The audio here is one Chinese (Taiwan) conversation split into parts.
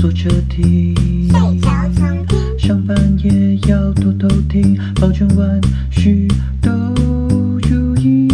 坐車聽，上班也要偷偷聽，保證萬事都如意。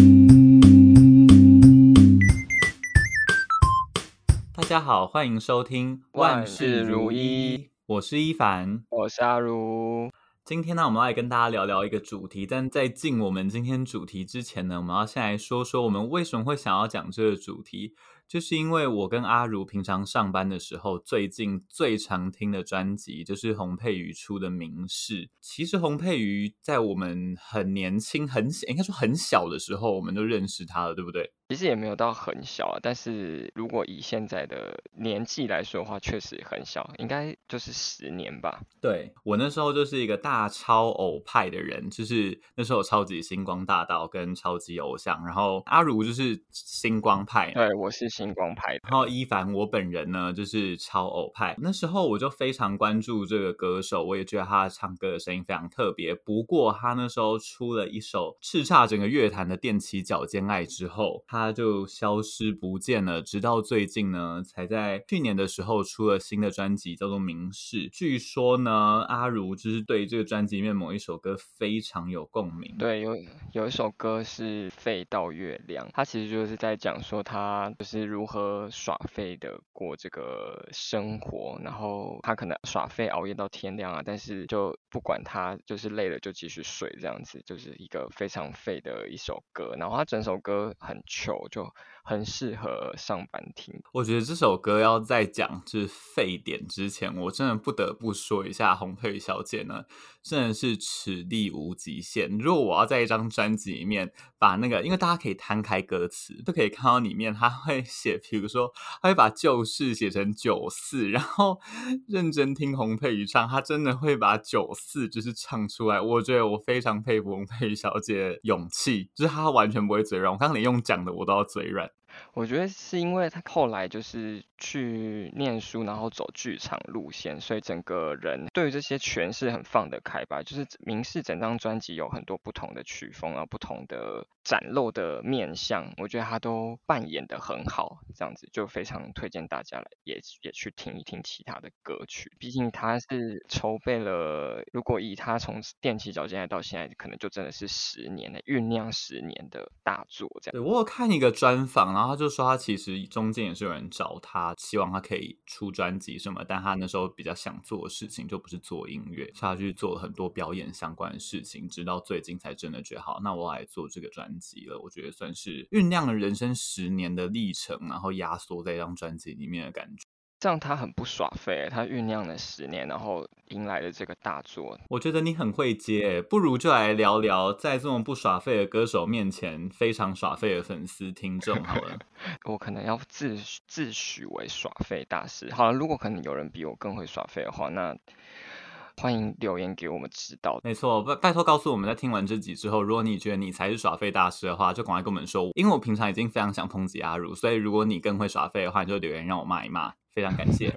大家好，歡迎收聽萬事如意，如一，我是伊凡，我是阿儒。今天呢，我們要來跟大家聊聊一個主題，但在進我們今天主題之前呢，我們要先來說說我們為什麼會想要講這個主題。就是因為我跟阿如平常上班的時候，最近最常聽的專輯就是洪珮瑜出的《明室》。其實洪珮瑜在我們很年輕、很小，應該說很小的時候，我們都認識她了，對不對？其實也沒有到很小啊，但是如果以現在的年紀來說的話，確實很小，應該就是十年吧。對，我那時候就是一個大超偶派的人，就是那時候超級星光大道跟超級偶像，然後阿儒就是星光派。對，我是星光派。然後伊凡，我本人呢就是超偶派。那時候我就非常關注這個歌手，我也覺得他唱歌的聲音非常特別。不過他那時候出了一首叱吒整個樂壇的踮起腳尖愛之後。他就消失不見了，直到最近呢，才在去年的時候出了新的專輯，叫做《明室》。據說呢，阿如就是對於這個專輯裡面某一首歌非常有共鳴。對，有有一首歌是《廢到月亮》，他其實就是在講說他就是如何耍廢的過這個生活。然後他可能耍廢熬夜到天亮啊，但是就不管他，就是累了就繼續睡，這樣子就是一個非常廢的一首歌。然後他整首歌很全。就很適合上班聽。我覺得這首歌要在講，就是廢點之前，我真的不得不說一下洪珮瑜小姐呢，真的是實力無極限。如果我要在一張專輯裡面把那個，因為大家可以攤開歌詞，都可以看到裡面，他會寫，比如說，他會把舊事寫成九四，然後認真聽洪珮瑜唱，他真的會把九四就是唱出來。我覺得我非常佩服洪珮瑜小姐的勇氣，就是她完全不會嘴軟。我剛剛你用講的。我到嘴軟。我覺得是因為他後來就是去念書，然後走劇場路線，所以整個人對於這些詮釋很放得開吧。就是《明示》整張專輯有很多不同的曲風啊，不同的展露的面相，我覺得他都扮演得很好。這樣子就非常推薦大家來也也去聽一聽其他的歌曲。畢竟他是籌備了，如果以他從電器角現在到現在，可能就真的是十年的醞釀，十年的大作這樣。對，我有看一個專訪啊。他就說，他其實中間也是有人找他，希望他可以出專輯什麼，但他那時候比較想做的事情就不是做音樂，所以他去做了很多表演相關的事情，直到最近才真的覺得好，那我來做這個專輯了。我覺得算是醞釀了人生十年的歷程，然後壓縮在一張專輯裡面的感覺。這樣他很不耍廢，他醞釀了十年，然後迎來了這個大作。我覺得你很會接，不如就來聊聊，在這種不耍廢的歌手面前，非常耍廢的粉絲聽眾好了。 我可能要自自詡為耍廢大師。好了、啊，如果可能有人比我更會耍廢的話，那歡迎留言給我們知道。沒錯，拜拜託告訴我們，在聽完這集之後，如果你覺得你才是耍廢大師的話，就趕快跟我們說。因為我平常已經非常想抨擊阿儒，所以如果你更會耍廢的話，你就留言讓我罵一罵。非常感謝，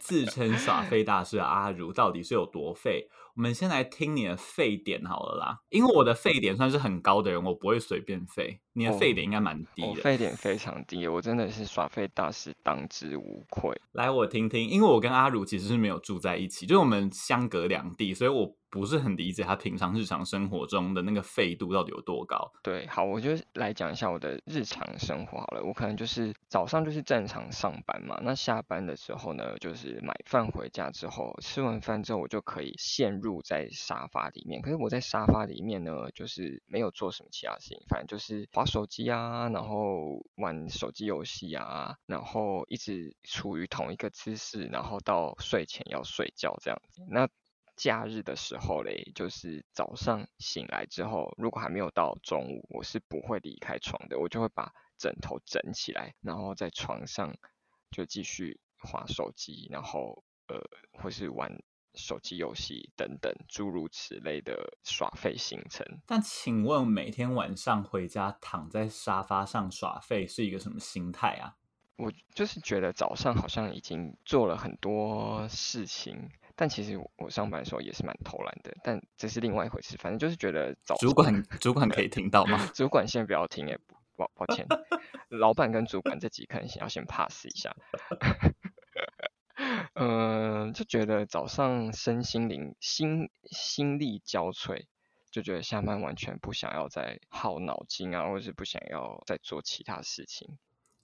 自稱耍廢大師的阿如到底是有多廢？我們先來聽你的廢點好了啦，因為我的廢點算是很高的人，我不會隨便廢。你的廢點應該蠻低的，我的廢點非常低，我真的是耍廢大師當之無愧。來，我聽聽，因為我跟阿如其實是沒有住在一起，就是我們相隔兩地，所以我。不是很理解他平常日常生活中的那個廢度到底有多高。對，好，我就來講一下我的日常生活好了。我可能就是早上就是正常上班嘛，那下班的時候呢，就是買飯回家之後，吃完飯之後我就可以陷入在沙發裡面。可是我在沙發裡面呢，就是沒有做什麼其他事情，反正就是滑手機啊，然後玩手機遊戲啊，然後一直處於同一個姿勢，然後到睡前要睡覺這樣子。那假日的時候嘞，就是早上醒來之後，如果還沒有到中午，我是不會離開床的。我就會把枕頭枕起來，然後在床上就繼續滑手機，然後呃，或是玩手機遊戲等等諸如此類的耍廢行程。但請問，每天晚上回家躺在沙發上耍廢是一個什麼心態啊？我就是覺得早上好像已經做了很多事情。但其實我，我上班的時候也是蠻偷懶的，但這是另外一回事。反正就是覺得早主管主管，可以聽到嗎？ 主管先不要聽、欸，不，抱，抱歉， 老闆跟主管這集可能想要先 pass 一下。 嗯，就覺得早上身心靈心心力交瘁，就覺得下班完全不想要再耗腦筋啊，或者是不想要再做其他事情。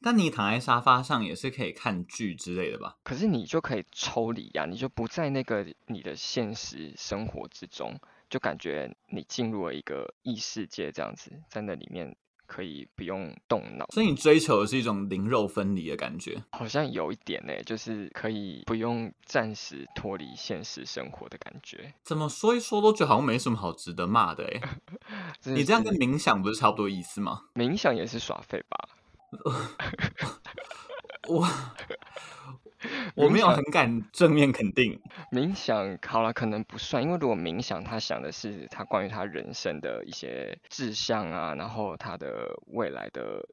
但你躺在沙發上也是可以看劇之類的吧？可是你就可以抽離呀、啊，你就不在那個你的現實生活之中，就感覺你進入了一個異世界，這樣子，在那裡面可以不用動腦。所以你追求的是一種靈肉分離的感覺，好像有一點呢、欸，就是可以不用暫時脫離現實生活的感覺。怎麼說一說都覺得好像沒什麼好值得罵的哎、欸。 就是 你這樣跟冥想不是差不多意思嗎？冥想也是耍廢吧。我，我 我沒有很敢正面肯定冥想。好啦，可能不算，因為如果冥想，他想的是他關於他人生的一些志向啊，然後他的未來的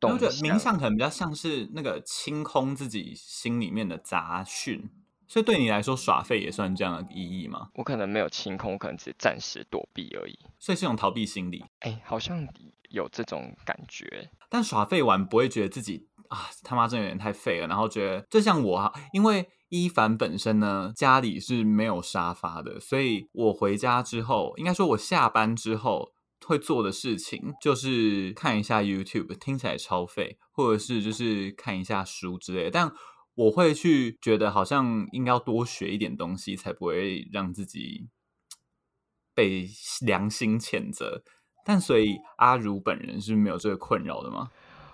動向。我覺得冥想可能比較像是那個清空自己心裡面的雜訊。所以對你來說，耍廢也算這樣的意義嗎？我可能沒有清空，我可能只是暫時躲避而已。所以是種逃避心理。哎、欸，好像有這種感覺。但耍廢完不會覺得自己啊，他媽真的有點太廢了。然後覺得，就像我哈，因為伊凡本身呢，家裡是沒有沙發的，所以我回家之後，應該說我下班之後會做的事情就是看一下 YouTube，聽起來超廢，或者是就是看一下書之類的。但我會去覺得好像應該要多學一點東西，才不會讓自己被良心譴責。但所以阿如本人是沒有這個困擾的嗎？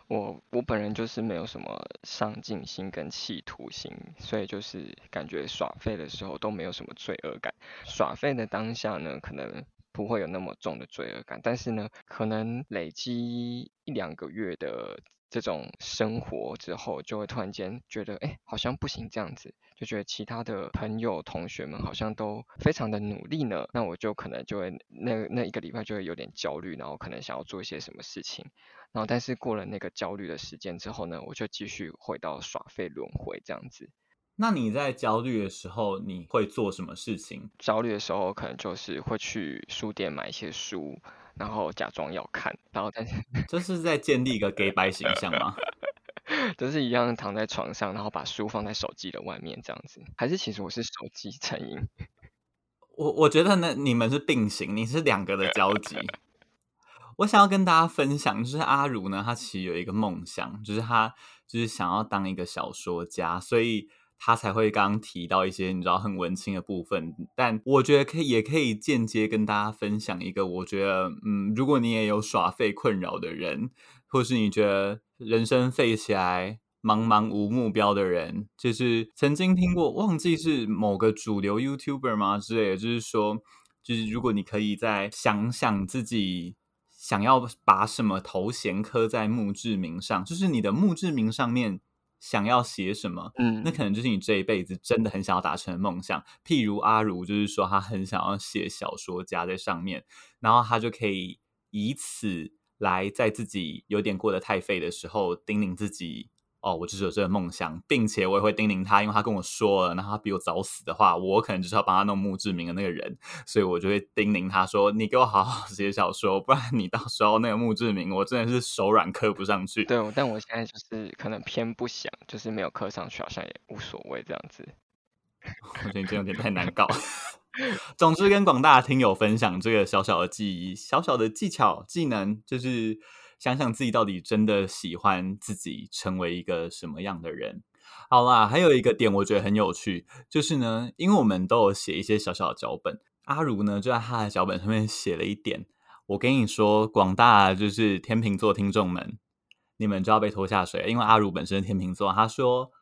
我我本人就是沒有什麼上進心跟企圖心，所以就是感覺耍廢的時候都沒有什麼罪惡感。耍廢的當下呢，可能不會有那麼重的罪惡感，但是呢，可能累積一兩個月的這種生活之後，就會突然間覺得，哎、欸，好像不行這樣子，就覺得其他的朋友同學們好像都非常的努力呢，那我就可能就會那那一個禮拜就會有點焦慮，然後可能想要做一些什麼事情，然後但是過了那個焦慮的時間之後呢，我就繼續回到耍廢輪迴這樣子。那你在焦慮的時候，你會做什麼事情？焦慮的時候，可能就是會去書店買一些書。然後假裝要看，然後但是這是在建立一個假掰形象嗎？都 是一樣躺在床上，然後把書放在手機的外面這樣子，還是其實我是手機成癮？我我覺得呢，你們是定型，你是兩個的交集。 我想要跟大家分享，就是阿儒呢，他其實有一個夢想，就是他就是想要當一個小說家，所以。他才會剛剛提到一些你知道很文青的部分，但我覺得可以也可以間接跟大家分享一個，我覺得嗯，如果你也有耍廢困擾的人，或是你覺得人生廢起來茫茫無目標的人，就是曾經聽過忘記是某個主流 YouTuber 嗎之類的。就是說，就是如果你可以再想想自己想要把什麼頭銜刻在墓志銘上，就是你的墓志銘上面。想要寫什麼？嗯，那可能就是你這一輩子真的很想要達成的夢想。譬如阿如，就是說他很想要寫小說家在上面，然後他就可以以此來在自己有點過得太廢的時候，叮嚀自己。哦，我就是有這個夢想，並且我也會叮嚀他，因為他跟我說了，那他比我早死的話，我可能就是要幫他弄墓志銘的那個人，所以我就會叮嚀他說：“你給我好好寫小說，不然你到時候那個墓志銘，我真的是手軟刻不上去。”對，但我現在就是可能偏不想，就是沒有刻上去，好像也無所謂這樣子。我覺得你這有點太難搞。 總之，跟廣大聽友分享這個小小的技藝、小小的技巧、技能，就是。想想自己到底真的喜歡自己成為一個什麼樣的人，好啦，還有一個點我覺得很有趣，就是呢，因為我們都有寫一些小小的腳本，阿如呢就在他的腳本上面寫了一點，我跟你說，廣大就是天秤座聽眾們，你們就要被拖下水，因為阿如本身是天秤座，他說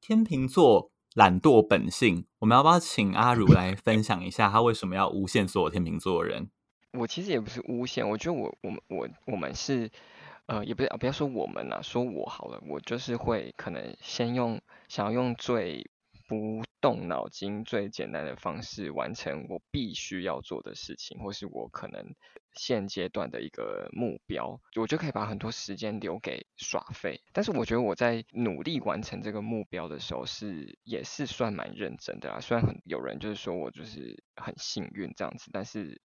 天秤座懶惰本性，我們要不要請阿如來分享一下他為什麼要誣陷所有天秤座的人？我其實也不是誣陷，我覺得我我們我我們是呃，也不是啊，不要說我們啦，說我好了，我就是會可能先用想要用最不動腦筋、最簡單的方式完成我必須要做的事情，或是我可能現階段的一個目標，我就可以把很多時間留給耍廢。但是我覺得我在努力完成這個目標的時候是，是也是算蠻認真的啦。雖然很有人就是說我就是很幸運這樣子，但是。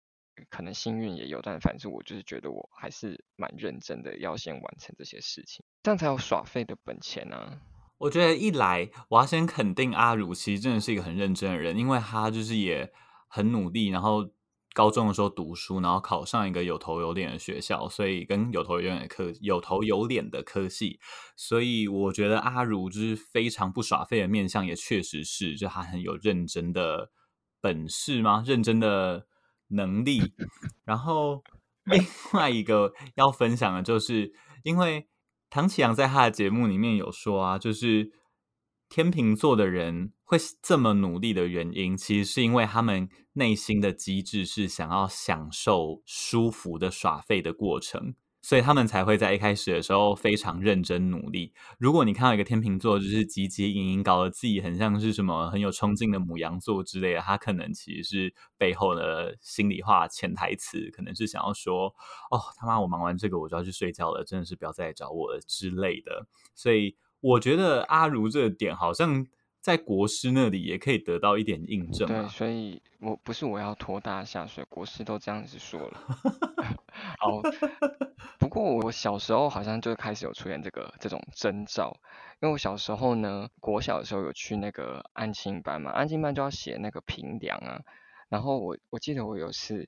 可能幸運也有，但反正是我就是覺得我還是蠻認真的，要先完成這些事情，這樣才有耍廢的本錢呢、啊、我覺得一來，我要先肯定阿儒，其實真的是一個很認真的人，因為他就是也很努力，然後高中的時候讀書，然後考上一個有頭有臉的學校，所以跟有頭有臉的科，有頭有臉的科系，所以我覺得阿儒就是非常不耍廢的面相，也確實是，就他很有認真的本事嗎？認真的。能力，然後另外一個要分享的，就是因為唐啟陽在他的節目裡面有說啊，就是天秤座的人會這麼努力的原因，其實是因為他們內心的機制是想要享受舒服的耍廢的過程。所以他們才會在一開始的時候非常認真努力。如果你看到一個天秤座，就是汲汲營營，搞得自己很像是什麼很有衝勁的牡羊座之類的，他可能其實是背後的心裡話、潛台詞，可能是想要說：“哦，他媽，我忙完這個我就要去睡覺了，真的是不要再來找我了之類的。”所以我覺得阿如這個點好像在國師那裡也可以得到一點印證啊。對，所以我不是我要拖大家下水，國師都這樣子說了。 哦，oh, 不過我小時候好像就開始有出現這個這種徵兆，因為我小時候呢，國小的時候有去那個安親班嘛，安親班就要寫那個評量啊，然後我我記得我有一次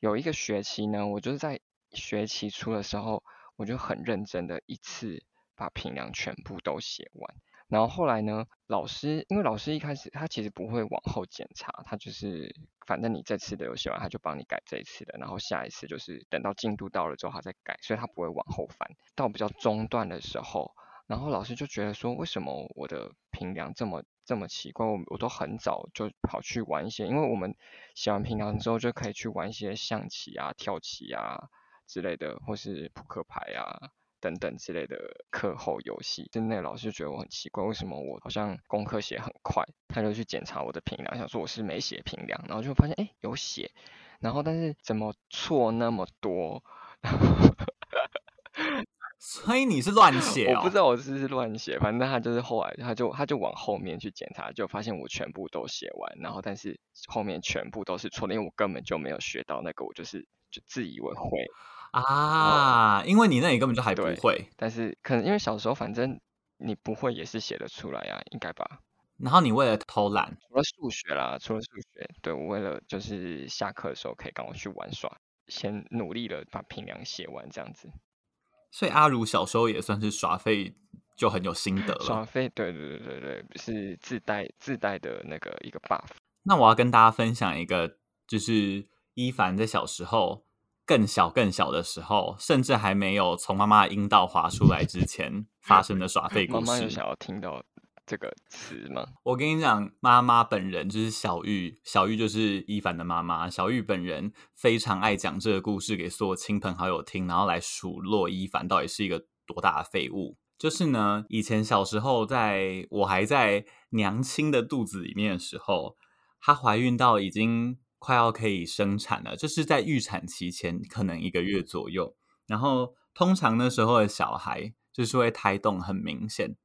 有一個學期呢，我就是在學期初的時候，我就很認真的一次把評量全部都寫完。然後後來呢，老師，因為老師一開始他其實不會往後檢查，他就是反正你這次的有寫完，他就幫你改這一次的，然後下一次就是等到進度到了之後他再改，所以他不會往後翻。到比較中段的時候，然後老師就覺得說，為什麼我的評量這麼這麼奇怪？我我都很早就跑去玩一些，因為我們寫完評量之後就可以去玩一些象棋啊、跳棋啊之類的，或是撲克牌啊。等等之類的課後遊戲，就那個、老師覺得我很奇怪，為什麼我好像功課寫很快，他就去檢查我的評量，想說我是沒寫評量，然後就發現哎、欸、有寫，然後但是怎麼錯那麼多？所以你是亂寫喔？我不知道我是不是亂寫，反正他就是後來他就他就往後面去檢查，就發現我全部都寫完，然後但是後面全部都是錯的，因為我根本就沒有學到那個，我就是就自以為會。啊，因為你那裡根本就還不會，但是可能因為小時候，反正你不會也是寫得出來呀、啊，應該吧。然後你為了偷懶，除了數學啦，除了數學，對我為了就是下課的時候可以趕快去玩耍，先努力的把評量寫完這樣子。所以阿如小時候也算是耍廢，就很有心得了。耍廢，對對對對對，是自帶自帶的那個一個 buff。那我要跟大家分享一個，就是伊凡在小時候。更小、更小的時候，甚至還沒有從媽媽的陰道滑出來之前發生的耍廢故事。 媽媽有想要聽到這個詞嗎？我跟你講，媽媽本人就是小玉，小玉就是伊凡的媽媽。小玉本人非常愛講這個故事給所有親朋好友聽，然後來數落伊凡到底是一個多大的廢物。就是呢，以前小時候在，在我還在娘親的肚子裡面的時候，她懷孕到已經。快要可以生產了，就是在預產期前可能一個月左右。然後通常那時候的小孩就是會胎動很明顯。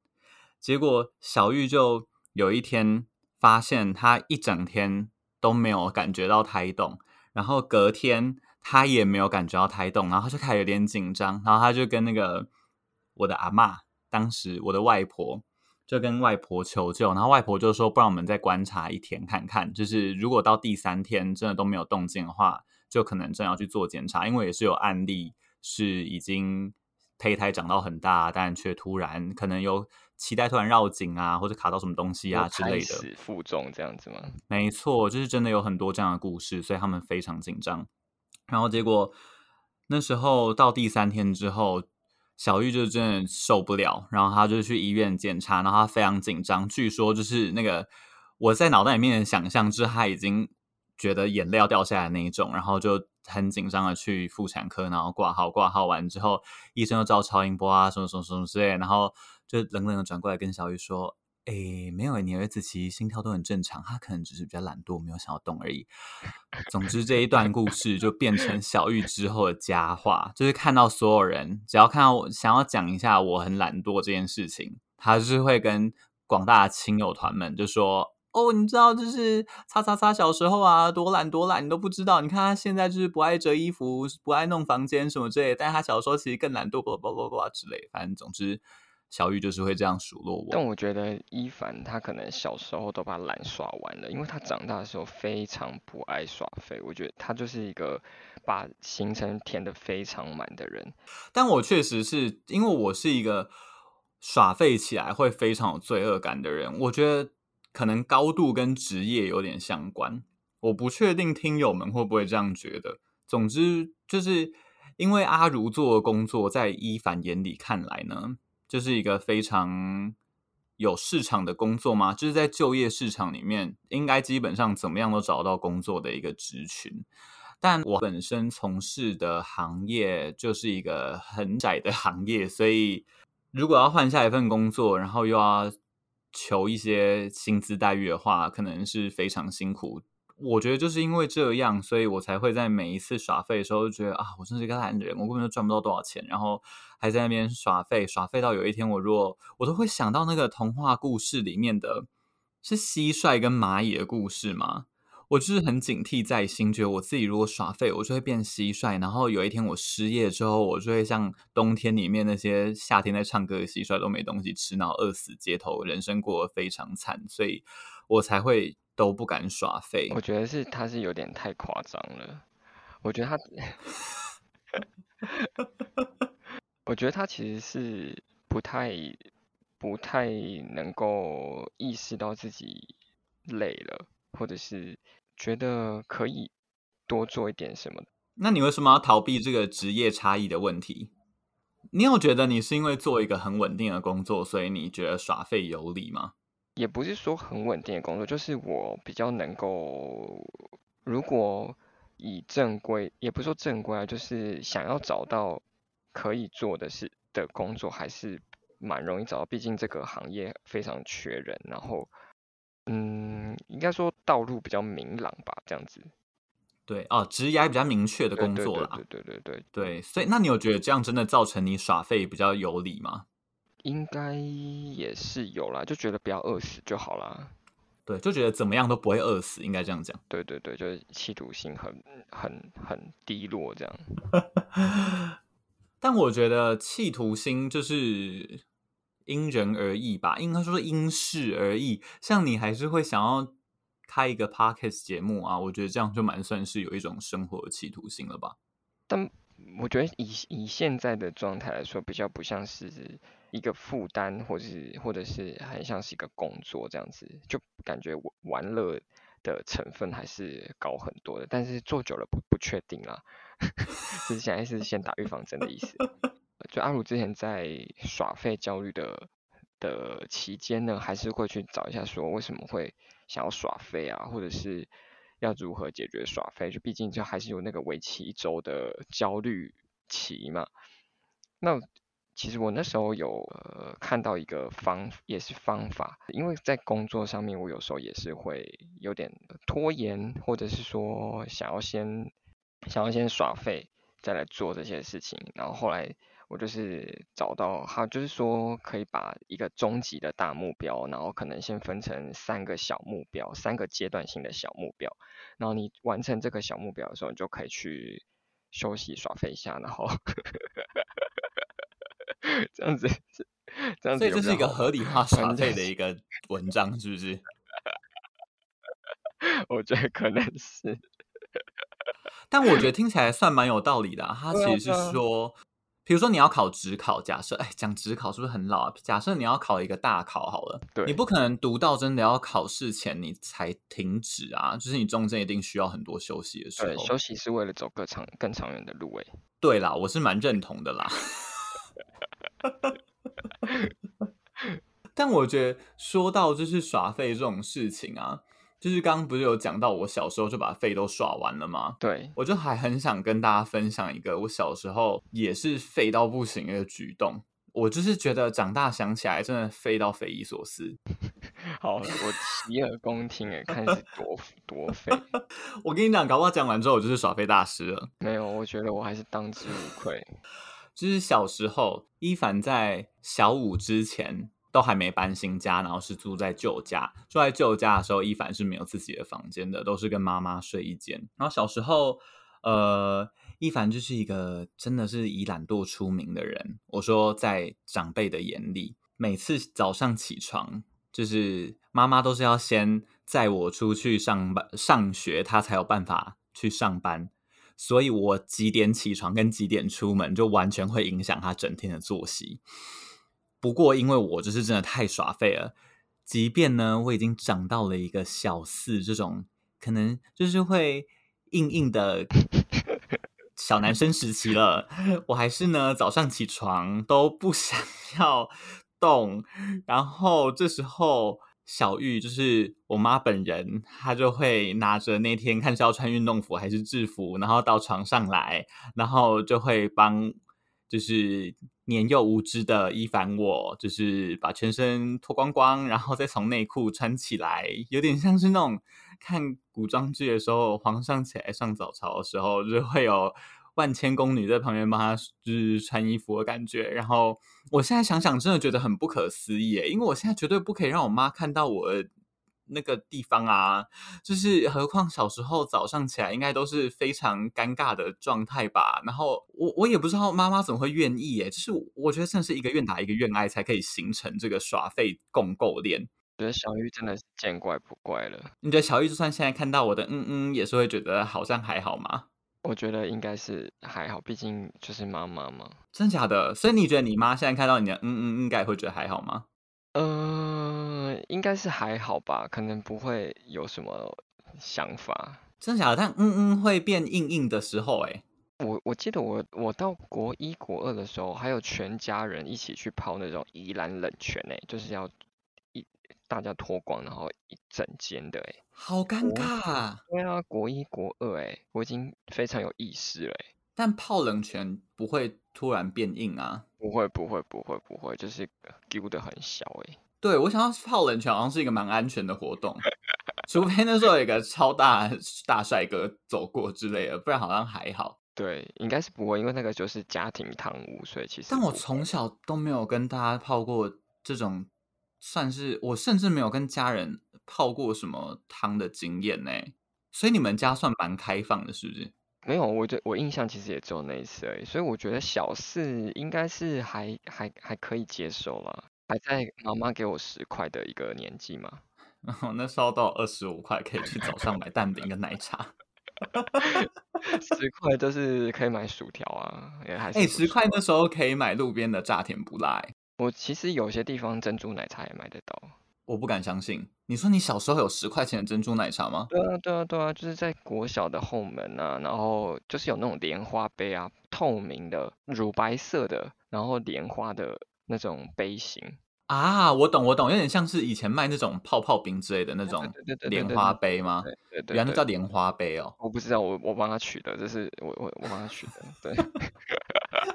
結果小玉就有一天發現她一整天都沒有感覺到胎動，然後隔天她也沒有感覺到胎動，然後就開始有點緊張，然後她就跟那個我的阿嬤，當時我的外婆。就跟外婆求救，然後外婆就說：“不然我們再觀察一天看看，就是如果到第三天真的都沒有動靜的話，就可能真要去做檢查，因為也是有案例是已經胚胎，胎長到很大，但卻突然可能有臍帶突然繞頸啊，或者卡到什麼東西啊之類的，負重這樣子嗎？沒錯，就是真的有很多這樣的故事，所以他們非常緊張。然後結果那時候到第三天之後。”小玉就真的受不了，然後她就去醫院檢查，然後她非常緊張。據說就是那個我在腦袋裡面的想象，就是她已經覺得眼淚要掉下來的那一種，然後就很緊張的去婦產科，然後掛號，掛號完之後，醫生又照超音波啊，什麼什麼什麼之類的，然後就冷冷的轉過來跟小玉說。誒，沒有，你兒子其實心跳都很正常，他可能只是比較懶惰，沒有想要動而已。總之這一段故事就變成小玉之後的佳話，就是看到所有人，只要看到我想要講一下我很懶惰這件事情，他就是會跟廣大的親友團們就說：“哦，你知道，就是擦擦擦，小時候啊多懶多懶，你都不知道。你看他現在就是不愛折衣服，不愛弄房間什麼之類，但他小時候其實更懶惰，叭叭叭叭之類。反正總之。”小雨就是會這樣數落我，但我覺得伊凡他可能小時候都把懶耍完了，因為他長大的時候非常不愛耍廢。我覺得他就是一個把行程填得非常滿的人。但我確實是因為我是一個耍廢起來會非常有罪惡感的人，我覺得可能高度跟職業有點相關。我不確定聽友們會不會這樣覺得。總之，就是因為阿儒做的工作，在伊凡眼裡看來呢。就是一個非常有市場的工作嗎？就是在就業市場裡面，應該基本上怎麼樣都找到工作的一個職群。但我本身從事的行業就是一個很窄的行業，所以如果要換下一份工作，然後又要求一些薪資待遇的話，可能是非常辛苦。我覺得就是因為這樣，所以我才會在每一次耍廢的時候就覺得啊，我真是一個懶人，我根本就賺不到多少錢，然後還在那邊耍廢，耍廢到有一天我如果我都會想到那個童話故事裡面的，是蟋蟀跟螞蟻的故事嗎？我就是很警惕在心，覺得我自己如果耍廢，我就會變蟋蟀，然後有一天我失業之後，我就會像冬天裡面那些夏天在唱歌的蟋蟀都沒東西吃，然後餓死街頭，人生過得非常慘，所以我才會。都不敢耍廢。我覺得是他是有點太誇張了。我覺得他 我覺得他其實是不太不太能夠意識到自己累了，或者是覺得可以多做一點什麼的。那你為什麼要逃避這個職業差異的問題？你有覺得你是因為做一個很穩定的工作，所以你覺得耍廢有理嗎？也不是說很穩定的工作，就是我比較能夠，如果以正規，也不是說正規啊，就是想要找到可以做的事的工作，還是蠻容易找到。畢竟這個行業非常缺人，然後，嗯，應該說道路比較明朗吧，這樣子。對，哦、啊，職業還比較明確的工作啦。對對對，對對對對。對，所以那你有覺得這樣真的造成你耍廢比較有理嗎？應該也是有啦，就覺得不要餓死就好啦。對，就覺得怎麼樣都不會餓死，應該這樣講。對對對，就是企圖心很很很低落這樣。 但我覺得企圖心就是因人而異吧，應該說是因事而異。像你還是會想要開一個 podcast 節目啊，我覺得這樣就蠻算是有一種生活的企圖心了吧。但我覺得以以現在的狀態來說，比較不像是一個負擔，或者是或者是很像是一個工作這樣子，就感覺玩玩樂的成分還是高很多的。但是做久了不不確定啦，就 是現在是先打預防針的意思。就阿儒之前在耍廢焦慮的的期間呢，還是會去找一下說為什麼會想要耍廢啊，或者是。要如何解決耍廢？就畢竟就還是有那個為期一周的焦慮期嘛。那其實我那時候有、呃、看到一個方，也是方法，因為在工作上面，我有時候也是會有點拖延，或者是說想要先想要先耍廢，再來做這些事情，然後後來。我就是找到，他，就是說可以把一個終極的大目標，然後可能先分成三個小目標，三個階段性的小目標，然後你完成這個小目標的時候，你就可以去休息耍廢一下，然後這樣子，這樣子。所以這是一個合理化耍廢的一個文章，是不是？ 我覺得可能是，但我覺得聽起來算蠻有道理的啊。他其實是說。比如說你要考指考，假設哎，講、欸、指考是不是很老啊？假設你要考一個大考好了，對，你不可能讀到真的要考試前你才停止啊，就是你中間一定需要很多休息的時候，休息是為了走長更長更長遠的路哎、欸。對啦，我是蠻認同的啦， 但我覺得說到就是耍廢這種事情啊。就是剛，剛不是有講到我小時候就把廢都耍完了嘛？對，我就還很想跟大家分享一個我小時候也是廢到不行的舉動。我就是覺得長大想起來真的廢到匪夷所思。 好了，我洗耳恭聽也，哎， 看是多多廢。 我跟你講，搞不好講完之後我就是耍廢大師了。沒有，我覺得我還是當之無愧。就是小時候，伊凡在小五之前，都還沒搬新家，然後是住在舊家。住在舊家的時候，伊凡是沒有自己的房間的，都是跟媽媽睡一間。然後小時候，呃，伊凡就是一個真的是以懶惰出名的人。我說，在長輩的眼裡，每次早上起床，就是媽媽都是要先載我出去上班上學，她才有辦法去上班。所以我幾點起床跟幾點出門，就完全會影響她整天的作息。不過，因為我就是真的太耍廢了，即便呢，我已經長到了一個小四這種可能就是會硬硬的小男生時期了，我還是呢早上起床都不想要動。然後這時候，小玉就是我媽本人，她就會拿着那天看是要穿運動服還是制服，然後到床上來，然後就會幫就是。年幼無知的伊凡，我就是把全身脫光光，然後再從內褲穿起來，有點像是那種看古裝劇的時候，皇上起來上早朝的時候，就會有萬千宮女在旁邊幫他就是穿衣服的感覺。然後我現在想想，真的覺得很不可思議誒，因為我現在絕對不可以讓我媽看到我。那個地方啊，就是何況小時候早上起來應該都是非常尷尬的狀態吧。然後我我也不知道媽媽怎麼會願意誒，就是我覺得真的是一個願打一個願挨，才可以形成這個耍廢共構戀。覺得小玉真的是見怪不怪了。你覺得小玉就算現在看到我的嗯嗯，也是會覺得好像還好嗎？我覺得應該是還好，畢竟就是媽媽嘛。真假的？所以你覺得你媽現在看到你的嗯嗯，應該會覺得還好嗎？呃，應該是還好吧，可能不會有什麼想法。真的假的？但嗯嗯，會變硬硬的時候，欸，哎，我我記得我我到國一國二的時候，還有全家人一起去泡那種宜蘭冷泉，欸，哎，就是要一大家脫光，然後一整間的，欸，哎，好尷尬。對啊，因為國一國二，欸，哎，我已經非常有意識了，欸，但泡冷泉不會突然變硬啊！不會不會不會不會，就是丟的很小哎、欸。對，我想要泡冷泉，好像是一個蠻安全的活動， 除非那時候有一個超大大帥哥走過之類的，不然好像還好。對，應該是不會，因為那個就是家庭湯屋，所以其實……但我從小都沒有跟他泡過這種，算是我甚至沒有跟家人泡過什麼湯的經驗呢、欸。所以你們家算蠻開放的，是不是？沒有，我覺我印象其實也只有那一次而已，所以我覺得小四應該是還還還可以接受吧，還在媽媽給我十塊的一個年紀嘛。哦、那燒到二十五塊可以去早上買蛋餅跟奶茶， 十塊就是可以買薯條啊，也還哎、欸、十塊那時候可以買路邊的炸甜不辣、欸。我其實有些地方珍珠奶茶也買得到。我不敢相信，你說你小時候有十塊錢的珍珠奶茶嗎？對啊，對啊，對啊，就是在國小的後門啊，然後就是有那種蓮花杯啊，透明的、乳白色的，然後蓮花的那種杯型。啊，我懂我懂，有點像是以前賣那種泡泡冰之類的那種蓮花杯嗎？對對對，原來叫蓮花杯哦、喔。我不知道，我我幫他取的，這是我我我幫他取的。對，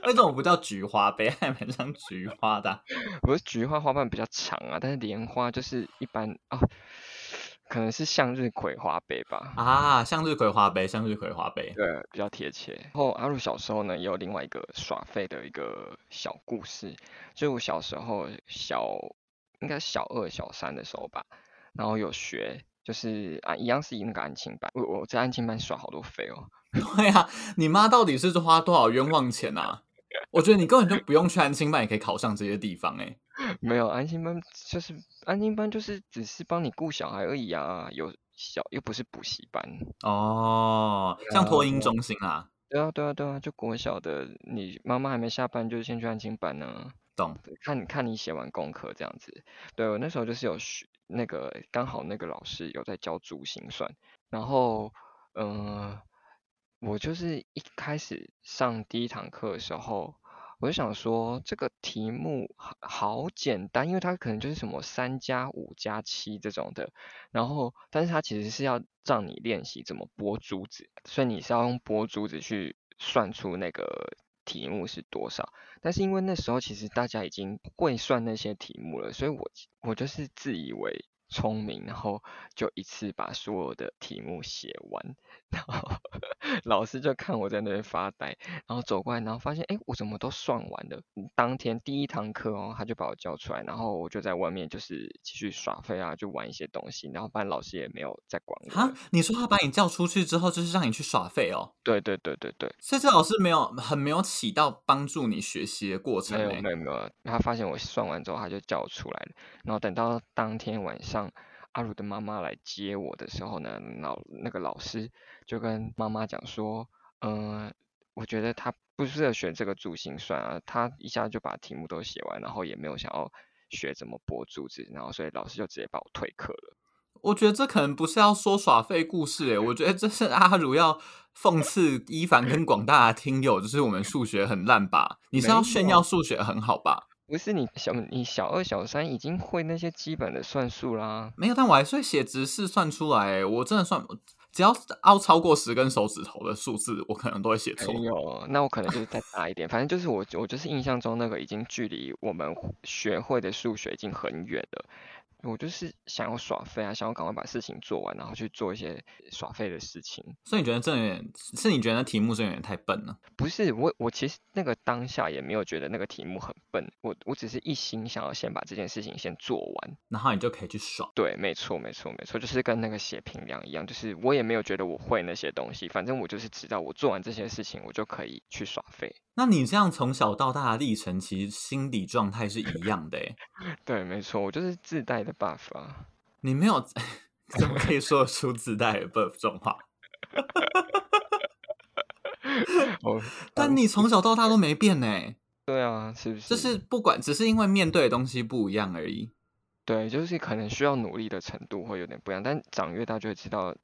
那種 不叫菊花杯，還蠻像菊花的啊。不是菊花花瓣比較長啊，但是蓮花就是一般啊。可能是向日葵花杯吧。啊，向日葵花杯，向日葵花杯，對，比較貼切。然後阿儒小時候呢，也有另外一個耍廢的一個小故事。就我小時候小，應該小二、小三的時候吧，然後有學，就是啊，一樣是以那個安親班。我我在安親班耍好多廢哦。 對呀、啊，你媽到底是花多少冤枉錢吶、啊？我覺得你根本就不用去安親班， 也可以考上這些地方誒、欸。 沒有安心班，就是安心班，就是只是幫你顧小孩而已啊，有小又不是補習班哦，呃、像托嬰中心啊，對啊對啊對啊，就國小的，你媽媽還沒下班就先去安心班呢、啊，懂？對，看看你寫完功課這樣子，對我那時候就是有學那個剛好那個老師有在教珠心算，然後嗯、呃，我就是一開始上第一堂課的時候。我就想說，這個題目好簡單，因為它可能就是什麼三加五加七這種的。然後，但是它其實是要讓你練習怎麼撥珠子，所以你是要用撥珠子去算出那個題目是多少。但是因為那時候其實大家已經會算那些題目了，所以我我就是自以為聰明，然後就一次把所有的題目寫完。然後老師就看我在那邊發呆，然後走過來，然後發現哎，我怎麼都算完了。當天第一堂課哦，他就把我叫出來，然後我就在外面就是繼續耍廢啊，就玩一些東西。然後班老師也沒有在管我。啊，你說他把你叫出去之後，就是讓你去耍廢哦？對對對對對。所以這老師沒有很沒有起到幫助你學習的過程。哎哎。沒有沒有，他發現我算完之後，他就叫我出來了。然後等到當天晚上，阿儒的媽媽來接我的時候呢，老那個老師就跟媽媽講說，嗯、呃，我覺得他不適合學這個珠心算啊，他一下就把題目都寫完，然後也沒有想要學怎麼撥珠子，然後所以老師就直接把我退課了。我覺得這可能不是要說耍廢故事哎，對我覺得這是阿儒要諷刺伊凡跟廣大的聽友，對就是我們數學很爛吧？你是要炫耀數學很好吧？不是你小你小二小三已經會那些基本的算術啦？沒有，但我還是會寫直式算出來。我真的算，只要是凹超過十根手指頭的數字，我可能都會寫錯。沒有、哎，那我可能就是再大一點。 反正就是我，我就是印象中那個已經距離我們學會的數學已經很遠了。我就是想要耍廢啊！想要趕快把事情做完，然後去做一些耍廢的事情。所以你覺得這有點，是你覺得那題目這有點太笨了啊？不是我，我其實那個當下也沒有覺得那個題目很笨。我我只是一心想要先把這件事情先做完，然後你就可以去耍。對，沒錯，沒錯，沒錯，就是跟那個寫評量一樣，就是我也沒有覺得我會那些東西，反正我就是知道我做完這些事情，我就可以去耍廢。那你這樣從小到大的歷程，其實心理狀態是一樣的、欸，哎， 對，沒錯，我就是自帶的 buff 啊。你沒有 怎麼可以說出自帶的 buff 這種話？但你從小到大都沒變呢、欸？對啊，是不是？就是不管，只是因為面對的東西不一樣而已。對，就是可能需要努力的程度會有點不一樣，但長越大就會知道，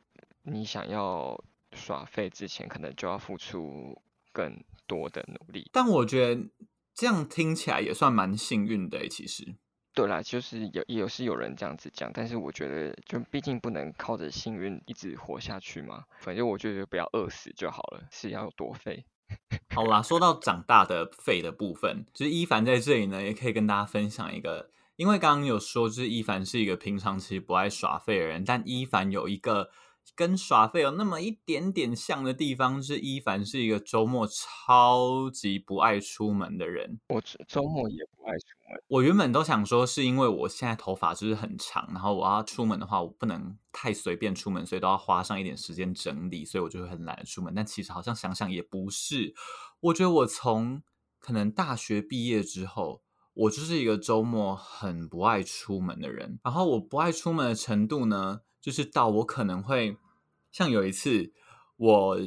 你想要耍廢之前，可能就要付出更多的努力，但我覺得這樣聽起來也算蠻幸運的、欸。其實，對啦，就是有也是有人這樣子講，但是我覺得就畢竟不能靠着幸運一直活下去嘛。反正我覺得不要餓死就好了，是要有多廢。 好啦，說到長大的廢的部分，就是伊凡在這裡呢，也可以跟大家分享一個，因為剛剛有說，就是伊凡是一個平常其實不愛耍廢的人，但伊凡有一個。跟耍廢有、哦、那麼一點點像的地方，是伊凡是一個週末超級不愛出門的人。我週末也不愛出門。嗯、我原本都想說，是因為我現在頭髮就是很長，然後我要出門的話，我不能太隨便出門，所以都要花上一點時間整理，所以我就會很懶得出門。但其實好像想想也不是，我覺得我從可能大學畢業之後，我就是一個週末很不愛出門的人。然後我不愛出門的程度呢？就是到我可能會像有一次我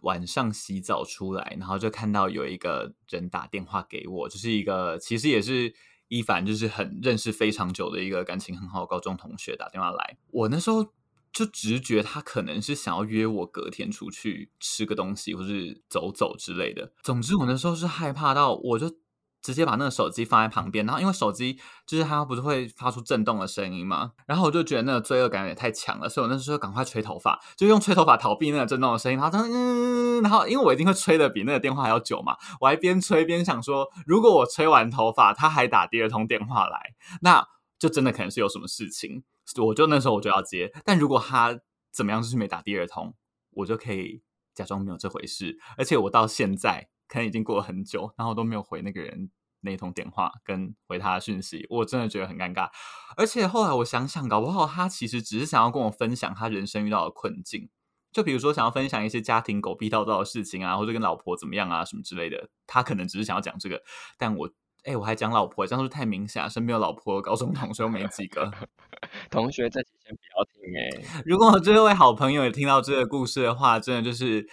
晚上洗澡出來，然後就看到有一個人打電話給我，就是一個其實也是伊凡，就是很認識非常久的一個感情很好的高中同學打電話來。我那時候就直覺他可能是想要約我隔天出去吃個東西，或是走走之類的。總之我那時候是害怕到我就。直接把那個手機放在旁邊，然後因為手機就是它不是會發出震動的聲音嘛，然後我就覺得那個罪惡感也太強了，所以我那時候趕快吹頭髮，就用吹頭髮逃避那個震動的聲音。然後嗯，然後因為我一定會吹的比那個電話還要久嘛，我還邊吹邊想說，如果我吹完頭髮，他還打第二通電話來，那就真的可能是有什麼事情，我就那時候我就要接。但如果他怎麼樣就是沒打第二通，我就可以假裝沒有這回事。而且我到現在。可能已經過了很久，然後都沒有回那個人那一通電話，跟回他的訊息，我真的覺得很尷尬。而且後來我想想，搞不好他其實只是想要跟我分享他人生遇到的困境，就比如說想要分享一些家庭狗屁倒灶的事情啊，或者跟老婆怎麼樣啊什麼之類的。他可能只是想要講這個，但我哎、欸，我還講老婆，這樣說太明顯了。身邊有老婆高中同學我沒幾個， 同學這幾天不要聽哎、欸。如果這位好朋友也聽到這個故事的話，真的就是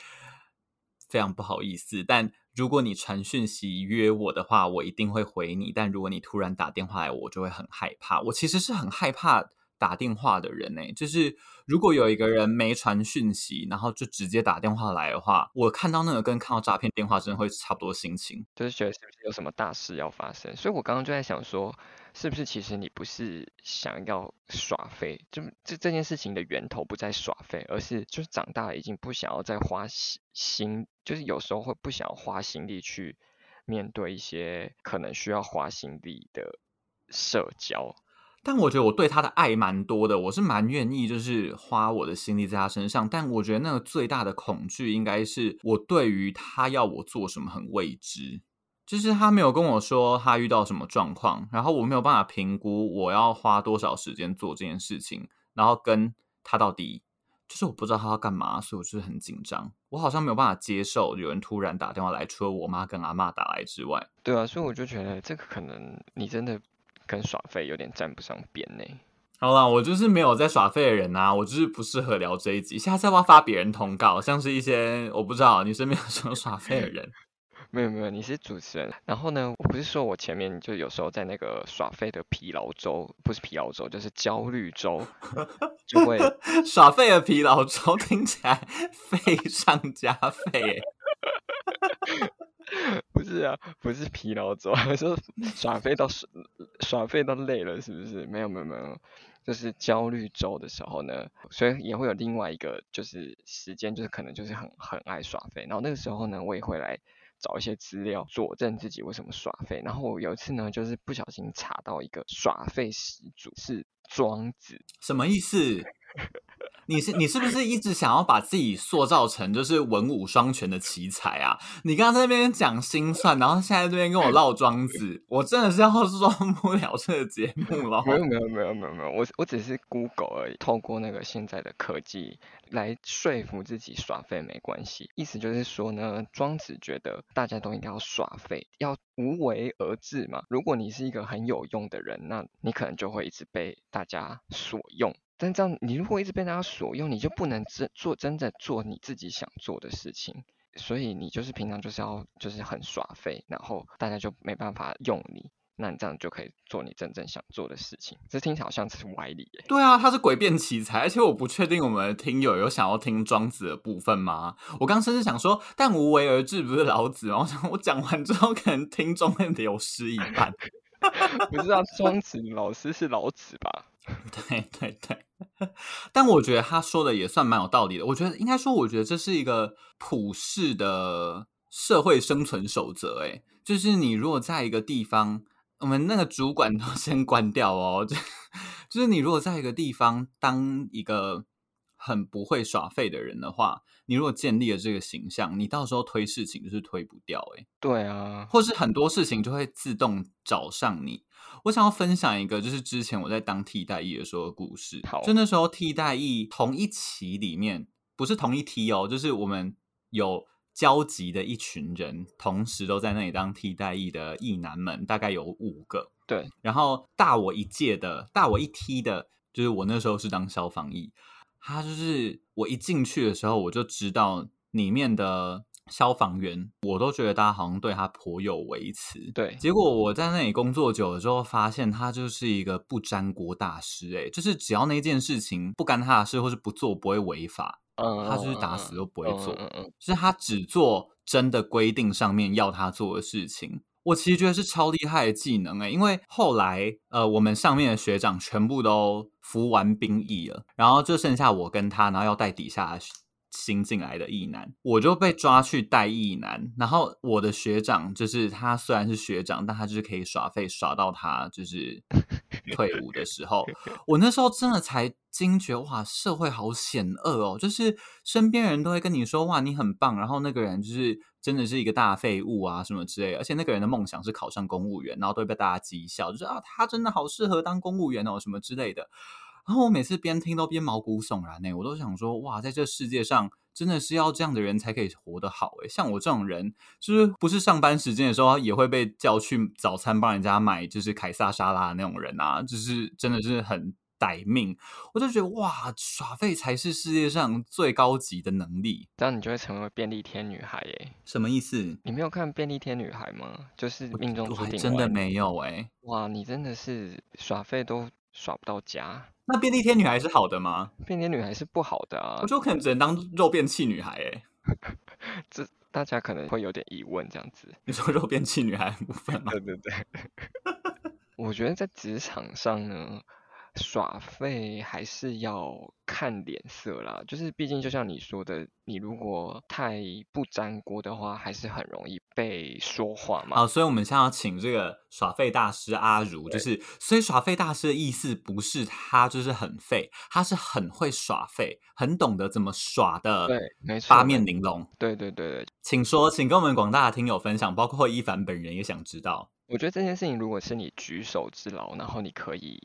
非常不好意思，但。如果你傳訊息約我的話，我一定會回你。但如果你突然打電話來，我就會很害怕。我其實是很害怕打電話的人呢、欸。就是如果有一個人沒傳訊息，然後就直接打電話來的話，我看到那個跟看到詐騙電話真的會差不多心情，就是覺得是不是有什麼大事要發生。所以我剛剛就在想說。是不是其實你不是想要耍廢，就這這件事情的源頭不在耍廢，而是就是長大了已經不想要再花心心，就是有時候會不想要花心力去面對一些可能需要花心力的社交。但我覺得我對他的愛蠻多的，我是蠻願意就是花我的心力在他身上。但我覺得那個最大的恐懼應該是我對於他要我做什麼很未知。其實他沒有跟我說他遇到什麼狀況，然後我沒有辦法評估我要花多少時間做這件事情，然後跟他到底，就是我不知道他要幹嘛，所以我就很緊張，我好像沒有辦法接受有人突然打電話來，除了我媽跟阿媽打來之外。對啊，所以我就覺得這個可能你真的跟耍廢有點沾不上邊呢、欸。好啦，我就是沒有在耍廢的人啊，我就是不適合聊這一集，下次要不要發別人通告，像是一些我不知道你身邊有什麼耍廢的人。 沒有沒有，你是主持人。然後呢，我不是說我前面就有時候在那個耍廢的疲勞周，不是疲勞周，就是焦慮周， 就會耍廢的疲勞周 聽起來廢上加廢。 不是啊，不是疲勞周，是 耍廢到耍耍廢到累了，是不是？沒有沒有沒有，就是焦慮周的時候呢，所以也會有另外一個，就是時間，就是可能就是很很愛耍廢。然後那個時候呢，我也會來。找一些資料佐證自己為什麼耍廢，然後我有一次呢，就是不小心查到一個耍廢始祖是莊子，什麼意思？ 你是你是不是一直想要把自己塑造成就是文武雙全的奇才啊？你剛剛在那邊講心算，然後現在這邊跟我嘮莊子，我真的是要受不了這個節目了。沒有沒有沒有沒有沒有，我我只是 Google 而已，透過那個現在的科技來說服自己耍廢沒關係。意思就是說呢，莊子覺得大家都應該要耍廢，要無為而治嘛。如果你是一個很有用的人，那你可能就會一直被大家所用。但這樣，你如果一直被大家所用，你就不能真做真正做你自己想做的事情。所以你就是平常就是要就是很耍廢，然後大家就沒辦法用你。那你這樣就可以做你真正想做的事情。這聽起來好像是歪理耶？對啊，他是詭辯奇才，而且我不確定我們聽友有想要聽莊子的部分嗎？我剛甚至想說，但無為而治不是老子，然後我想我講完之後，可能聽眾流失一半。 不知道莊子老師是老子吧？ 對對對，但我覺得他說的也算蠻有道理的。我覺得應該說，我覺得這是一個普世的社會生存守則。哎，就是你如果在一個地方，我們那個主管都先關掉哦就。就是你如果在一個地方當一個很不會耍廢的人的話，你如果建立了這個形象，你到時候推事情就是推不掉。哎，對啊，或是很多事情就會自動找上你。我想要分享一個，就是之前我在當替代役的時候的故事。好，就那時候替代役同一期裡面，不是同一梯哦，就是我們有交集的一群人，同時都在那裡當替代役的役男們，大概有五個。對，然後大我一屆的，大我一梯的，就是我那時候是當消防役，他就是我一進去的時候，我就知道裡面的。消防員，我都覺得大家好像對他頗有微詞。對，結果我在那裡工作久了之後，發現他就是一個不沾鍋大師，欸。哎，就是只要那件事情不干他的事，或是不做不會違法，他就是打死都不會做。嗯嗯。就是他只做真的規定上面要他做的事情。我其實覺得是超厲害的技能哎，欸，因為後來呃，我們上面的學長全部都服完兵役了，然後就剩下我跟他，然後要帶底下新進來的役男，我就被抓去帶役男。然後我的學長就是他，雖然是學長，但他就是可以耍廢耍到他就是退伍的時候。我那時候真的才驚覺哇，社會好險惡哦！就是身邊人都會跟你說哇，你很棒。然後那個人就是真的是一個大廢物啊，什麼之類的。而且那個人的夢想是考上公務員，然後都會被大家譏笑，就是啊，他真的好適合當公務員哦，什麼之類的。然後我每次邊聽都邊毛骨悚然呢、欸，我都想說哇，在這世界上真的是要這樣的人才可以活得好哎、欸，像我這種人就是不是上班時間的時候也會被叫去早餐幫人家買就是凱撒沙拉的那種人啊，就是真的是很歹命。我就覺得哇，耍廢才是世界上最高級的能力，這樣你就會成為便利貼女孩哎、欸，什麼意思？你沒有看便利貼女孩嗎？就是命中注定。我還真的沒有哎、欸，哇，你真的是耍廢都耍不到家。那便利貼女孩是好的嗎？便利貼女孩是不好的啊，我就可能只能當肉便器女孩哎、欸， 這大家可能會有點疑問這樣子。你說肉便器女孩很過分嗎？對對對， 我覺得在職場上呢。耍廢還是要看臉色啦。就是畢竟就像你說的，你如果太不沾鍋的話，還是很容易被說謊嘛。啊，所以我們先要請這個耍廢大師阿如，就是對所以耍廢大師的意思不是他就是很廢，他是很會耍廢，很懂得怎麼耍的，對，沒錯，八面玲瓏。對對對對，對請說，請跟我們廣大的聽友分享，包括伊凡本人也想知道。我覺得這件事情如果是你舉手之勞，然後你可以。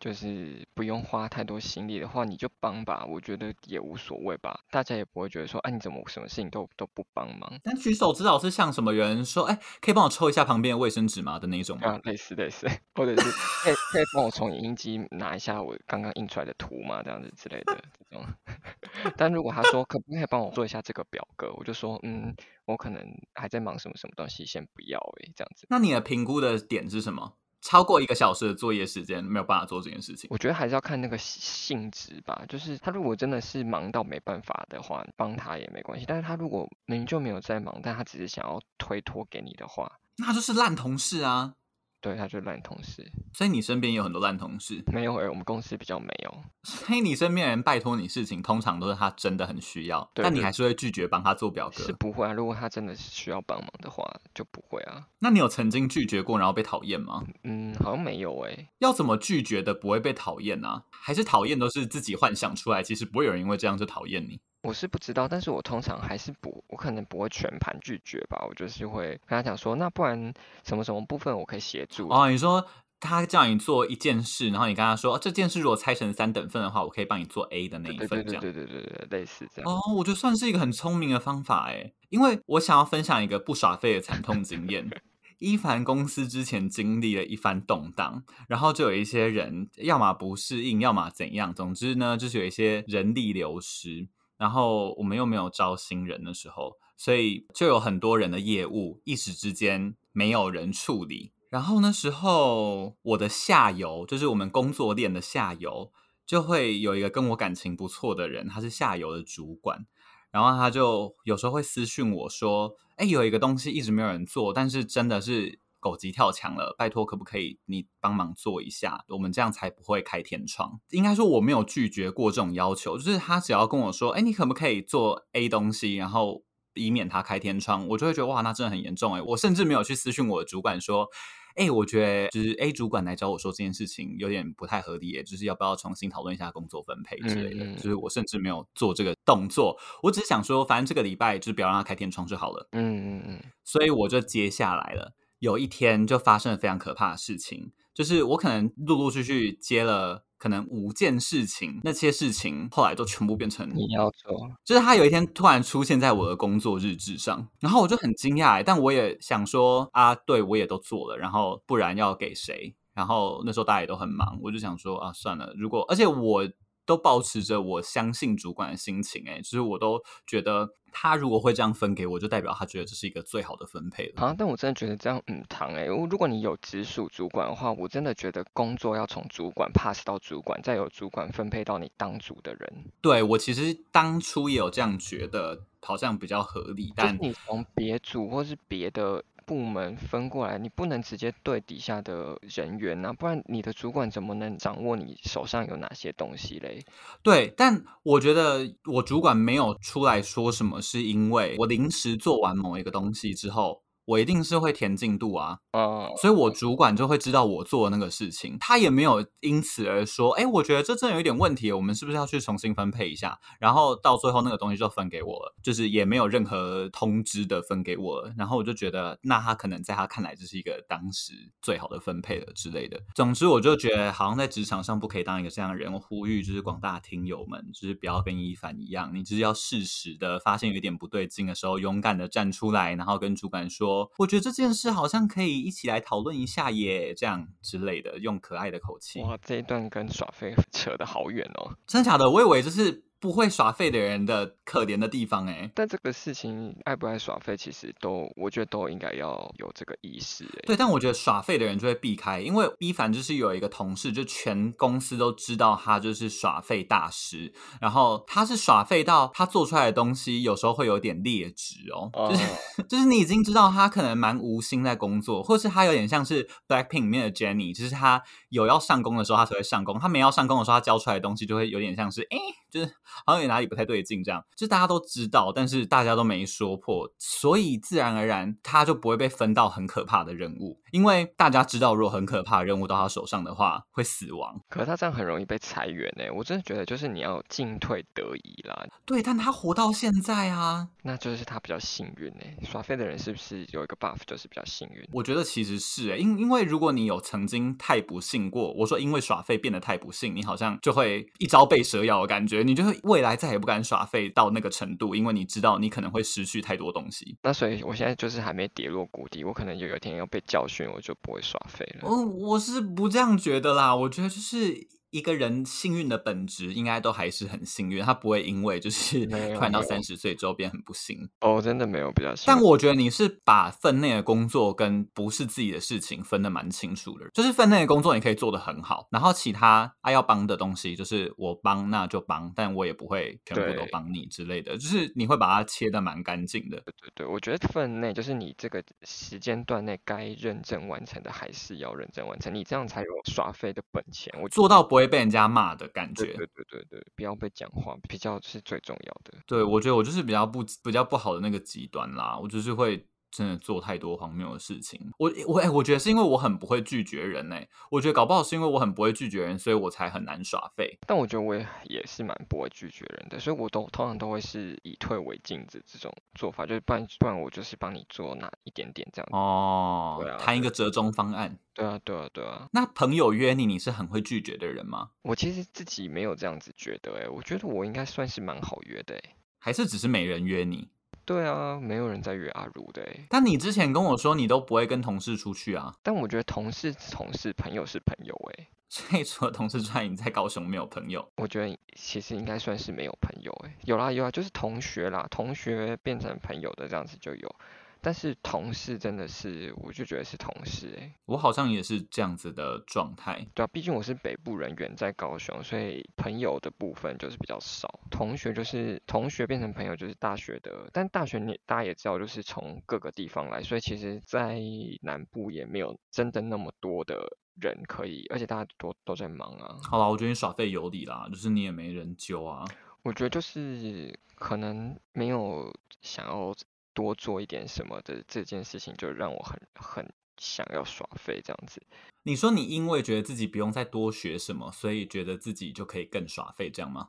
就是不用花太多心力的話，你就幫吧，我覺得也無所謂吧，大家也不會覺得說，哎、啊，你怎麼什麼事情都都不幫忙？但舉手之勞是像什麼人說，哎、欸，可以幫我抽一下旁邊的衛生紙嗎？的那種嗎啊，類似類似，或者是可以、欸、可以幫我從影印機拿一下我剛剛印出來的圖嗎？這樣子之類的這種，但如果他說可不可以幫我做一下這個表格，我就說，嗯，我可能還在忙什麼什麼東西，先不要哎，這樣子。那你的評估的點是什麼？超過一個小時的作業時間，沒有辦法做這件事情。我覺得還是要看那個性質吧。就是他如果真的是忙到沒辦法的話，幫他也沒關係。但是他如果明明就沒有在忙，但他只是想要推脫給你的話，那就是爛同事啊。對他就是爛同事，所以你身邊也有很多爛同事？沒有誒、欸，我們公司比較沒有。所以你身邊人拜托你事情，通常都是他真的很需要。對對對。但你還是會拒絕幫他做表格？是不會啊，如果他真的是需要幫忙的話，就不會啊。那你有曾經拒絕過，然後被討厭嗎？嗯，好像沒有誒、欸。要怎麼拒絕的不會被討厭啊？還是討厭都是自己幻想出來，其實不會有人因為這樣就討厭你。我是不知道，但是我通常還是不，我可能不會全盤拒絕吧。我就是會跟他講說，那不然什麼什麼部分我可以協助。哦，你說他叫你做一件事，然後你跟他說、哦、這件事如果拆成三等份的話，我可以幫你做 A 的那一份，這樣對對對對，對這樣類似這樣。哦，我覺得算是一個很聰明的方法誒，因為我想要分享一個不耍廢的慘痛經驗。伊 凡公司之前經歷了一番動盪，然後就有一些人要麼不適應，要麼怎樣，總之呢，就是有一些人力流失。然後我們又沒有招新人的時候，所以就有很多人的業務一時之間沒有人處理。然後那時候我的下游，就是我們工作鏈的下游，就會有一個跟我感情不錯的人，他是下游的主管，然後他就有時候會私訊我說：“哎，有一個東西一直沒有人做，但是真的是。”狗急跳牆了，拜託，可不可以你幫忙做一下？我們這樣才不會開天窗。應該說我沒有拒絕過這種要求，就是他只要跟我說：“欸，你可不可以做 A 東西，然後以免他開天窗？”我就會覺得哇，那真的很嚴重欸！我甚至沒有去私訊我的主管說：“欸，我覺得就是 A 主管來找我說這件事情有點不太合理欸，就是要不要重新討論一下工作分配之類的？”嗯嗯，就是我甚至沒有做這個動作，我只是想說，反正這個禮拜就是不要讓他開天窗就好了。嗯嗯嗯。所以我就接下來了。有一天就發生了非常可怕的事情，就是我可能陸陸續續接了可能五件事情，那些事情後來都全部變成你要做，就是他有一天突然出現在我的工作日誌上，然後我就很驚訝，但我也想說啊，對我也都做了，然後不然要給誰？然後那時候大家也都很忙，我就想說啊，算了，如果而且我。都保持着我相信主管的心情，欸，哎，其實我都覺得他如果會這樣分給我，就代表他覺得這是一個最好的分配啊！但我真的覺得這樣，嗯，唐，欸，哎，如果你有直屬主管的話，我真的覺得工作要從主管 pass 到主管，再由主管分配到你當組的人。對，我其實當初也有這樣覺得，好像比較合理，但是你從別組或是別的。部門分過來，你不能直接對底下的人員啊，不然你的主管怎麼能掌握你手上有哪些東西咧？對，但我覺得我主管沒有出來說什麼，是因為我臨時做完某一個東西之後。我一定是會填進度啊，oh. 所以，我主管就會知道我做的那個事情。他也沒有因此而說：“哎，我覺得這真有一點問題，我們是不是要去重新分配一下？”然後到最後那個東西就分給我了，就是也沒有任何通知的分給我。然後我就覺得，那他可能在他看來這是一個當時最好的分配了之類的。總之，我就覺得好像在職場上不可以當一個這樣的人。我呼籲就是廣大聽友們，就是不要跟伊凡一樣，你就是要適時的發現有點不對勁的時候，勇敢的站出來，然後跟主管說。我覺得這件事好像可以一起來討論一下耶，這樣之類的，用可愛的口氣。哇，這一段跟耍廢扯得好遠哦！真的假的？我以為這是。不會耍廢的人的可憐的地方哎、欸，但這個事情愛不愛耍廢，其實都我覺得都應該要有這個意識哎、欸。對，但我覺得耍廢的人就會避開，因為伊凡就是有一個同事，就全公司都知道他就是耍廢大師。然後他是耍廢到他做出來的東西有時候會有點劣質哦、喔，uh. 就是就是你已經知道他可能蠻無心在工作，或是他有點像是《Blackpink》裡面的 Jennie，就是他有要上工的時候他才會上工，他沒要上工的時候他交出來的東西就會有點像是哎、欸、就是。好像有哪裡不太對勁，這樣就大家都知道，但是大家都沒說破，所以自然而然他就不會被分到很可怕的任務，因為大家知道，如果很可怕任務到他手上的話會死亡。可是他這樣很容易被裁員呢、欸，我真的覺得就是你要進退得宜啦。對，但他活到現在啊，那就是他比較幸運呢、欸。耍廢的人是不是有一個 buff，就是比較幸運？我覺得其實是誒、欸，因因為如果你有曾經太不幸過，我說因為耍廢變得太不幸，你好像就會一朝被蛇咬的感覺，你就會。未來再也不敢耍廢到那個程度，因為你知道你可能會失去太多東西。那所以我現在就是還沒跌落谷底，我可能有一天要被教訓，我就不會耍廢了。我我是不這樣覺得啦，我覺得就是。一個人幸運的本質，應該都還是很幸運。他不會因為就是突然到三十歲之後變很不幸哦，真的沒有比較幸。但我覺得你是把分內的工作跟不是自己的事情分得蠻清楚的，就是分內的工作你可以做得很好。然後其他愛、啊、要幫的東西，就是我幫那就幫，但我也不會全部都幫你之類的，對就是你會把它切得蠻乾淨的。對對對，我覺得分內就是你這個時間段內該認真完成的，還是要認真完成。你這樣才有耍廢的本錢。我做到不會。會被人家罵的感覺，對對對對，不要被講話，比較是最重要的。對，我覺得我就是比較不，比較不好的那個極端啦，我就是會。真的做太多荒謬的事情，我我哎、欸，我覺得是因為我很不會拒絕人呢、欸。我覺得搞不好是因為我很不會拒絕人，所以我才很難耍廢。但我覺得我也也是蠻不會拒絕人的，所以我都通常都會是以退為進子這種做法，就是不然不然我就是幫你做那一點點這樣哦，對啊，談一個折中方案。對啊，對啊，對啊。那朋友約你，你是很會拒絕的人嗎？我其實自己沒有這樣子覺得誒、欸，我覺得我應該算是蠻好約的、欸、還是只是沒人約你？對啊，沒有人在約阿如的，欸。但你之前跟我說你都不會跟同事出去啊。但我覺得同事是同事，朋友是朋友，欸，哎。所以說同事出來，你在高雄沒有朋友？我覺得其實應該算是沒有朋友，欸，哎。有啦有啦，就是同學啦，同學變成朋友的這樣子就有。但是同事真的是，我就覺得是同事哎、欸。我好像也是這樣子的狀態。對啊，畢竟我是北部人，遠在高雄，所以朋友的部分就是比較少。同學就是同學變成朋友，就是大學的。但大學你大家也知道，就是從各個地方來，所以其實，在南部也沒有真的那麼多的人可以。而且大家都都在忙啊。好了，我覺得你耍廢有理啦，就是你也沒人揪啊。我覺得就是可能沒有想要多做一點什麼的這件事情，就讓我很很想要耍廢這樣子。你說你因為覺得自己不用再多學什麼，所以覺得自己就可以更耍廢這樣嗎？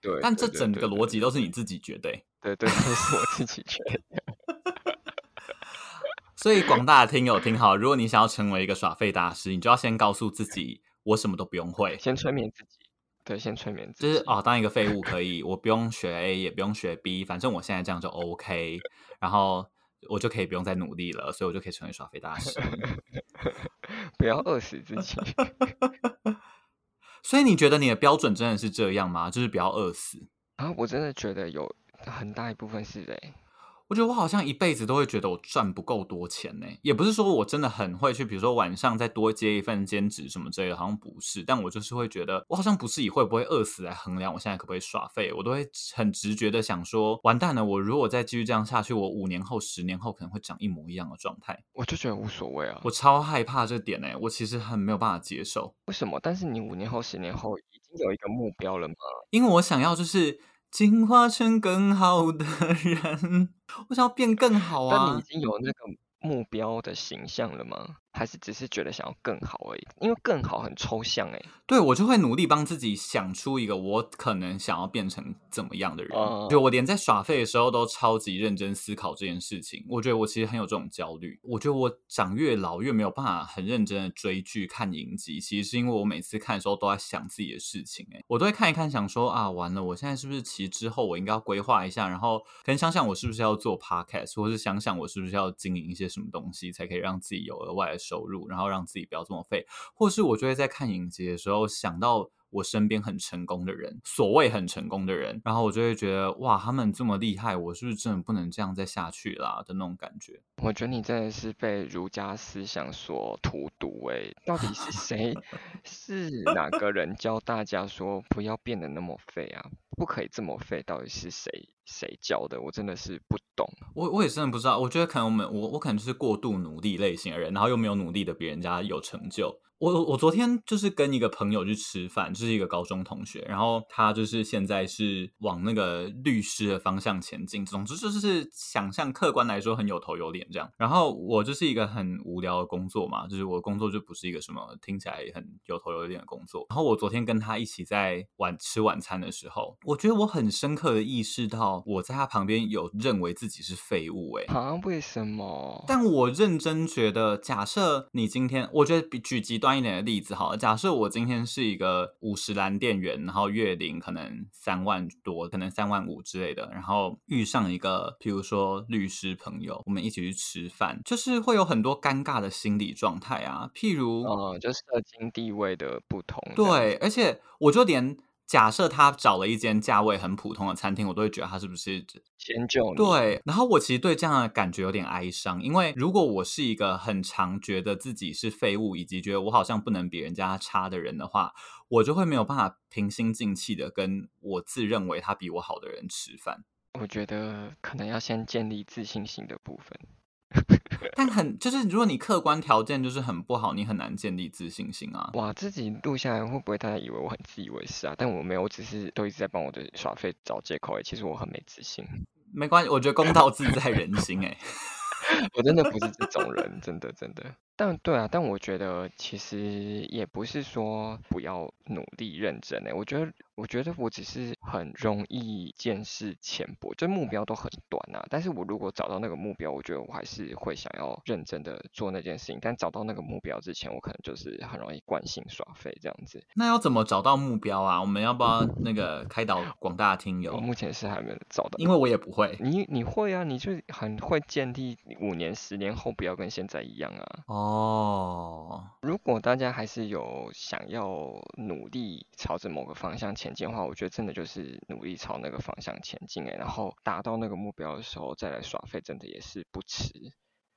對,對,對,對,對,對。但這整個邏輯都是你自己覺得。對對,對,對對，都是我自己覺得。 所以，廣大的聽友聽好，如果你想要成為一個耍廢大師，你就要先告訴自己，我什麼都不用會，先催眠自己。對，先催眠自己，就是哦，當一個廢物可以，我不用學 A， 也不用學 B，反正我現在這樣就 OK，然後我就可以不用再努力了，所以我就可以成為耍廢大師， 不要餓死自己。 所以你覺得你的標準真的是這樣嗎？就是不要餓死啊？我真的覺得有很大一部分是的。我覺得我好像一輩子都會覺得我賺不夠多錢呢、欸，也不是說我真的很會去，比如說晚上再多接一份兼職什麼之類的，好像不是，但我就是會覺得，我好像不是以會不會餓死來衡量我現在可不可以耍廢，我都會很直覺的想說，完蛋了，我如果再繼續這樣下去，我五年後、十年後可能會長一模一樣的狀態，我就覺得無所謂啊，我超害怕這點呢、欸，我其實很沒有辦法接受，為什麼？但是你五年後、十年後已經有一個目標了嗎？因為我想要就是。進化成更好的人，我想要變更好啊！但你已經有那個目標的形象了嗎？還是只是覺得想要更好而已，因為更好很抽象哎、欸。對，我就會努力幫自己想出一個我可能想要變成怎麼樣的人。Oh. 就我連在耍廢的時候都超級認真思考這件事情。我覺得我其實很有這種焦慮。我覺得我長越老越沒有辦法很認真的追劇看影集，其實是因為我每次看的時候都在想自己的事情、欸。哎，我都會看一看，想說啊，完了，我現在是不是其實之後我應該要規劃一下，然後可能想想我是不是要做 podcast，或是想想我是不是要經營一些什麼東西，才可以讓自己有額外的，收入，然後讓自己不要這麼廢，或是我就會在看影集的時候想到我身邊很成功的人，所謂很成功的人，然後我就會覺得哇，他們這麼厲害，我是不是真的不能這樣再下去啦、啊、的那種感覺？我覺得你真的是被儒家思想所荼毒誒、欸，到底是誰？ 是哪個人教大家說不要變得那麼廢啊？不可以這麼廢？到底是誰？誰教的？我真的是不懂。我我也真的不知道。我覺得可能我們我我可能就是過度努力類型的人，然後又沒有努力的，比人家有成就。我我昨天就是跟一個朋友去吃飯，就是一個高中同學，然後他就是現在是往那個律師的方向前進。總之就是是想象客觀來說很有頭有臉這樣。然後我就是一個很無聊的工作嘛，就是我工作就不是一個什麼聽起來很有頭有臉的工作。然後我昨天跟他一起在晚吃晚餐的時候，我覺得我很深刻的意識到。我在他旁邊有認為自己是廢物哎，好像為什麼？但我認真覺得，假設你今天，我覺得比，舉極端一點的例子哈，假設我今天是一個五十藍店員，然後月領可能三萬多，可能三萬五之類的，然後遇上一個，譬如說律師朋友，我們一起去吃飯，就是會有很多尷尬的心理狀態啊，譬如，呃，就是社經地位的不同，對，而且我就連。假設他找了一間價位很普通的餐廳，我都會覺得他是不是遷就你？對，然後我其實對這樣的感覺有點哀傷，因為如果我是一個很常覺得自己是廢物，以及覺得我好像不能比人家差的人的話，我就會沒有辦法平心靜氣的跟我自認為他比我好的人吃飯。我覺得可能要先建立自信心的部分。但很就是，如果你客觀條件就是很不好，你很難建立自信心啊。哇，自己錄下來會不會大家以為我很自以為是啊？但我沒有，我只是都一直在幫我的耍廢找借口哎。其實我很沒自信。沒關係，我覺得公道自在人心哎。 我真的不是這種人，真的真的。但對啊，但我覺得其實也不是說不要努力認真哎。我覺得我覺得我只是很容易見識淺薄，就目標都很短啊。但是我如果找到那個目標，我覺得我還是會想要認真的做那件事情。但找到那個目標之前，我可能就是很容易慣性耍廢這樣子。那要怎麼找到目標啊？我們要不要那個開導廣大聽友？我目前是還沒有找到，因為我也不會。 不會你你會啊？你就很會建立。五年、十年後不要跟現在一樣啊！哦，oh. 如果大家還是有想要努力朝着某個方向前進的話，我覺得真的就是努力朝那個方向前進、欸、然後達到那個目標的時候再來耍廢，真的也是不遲。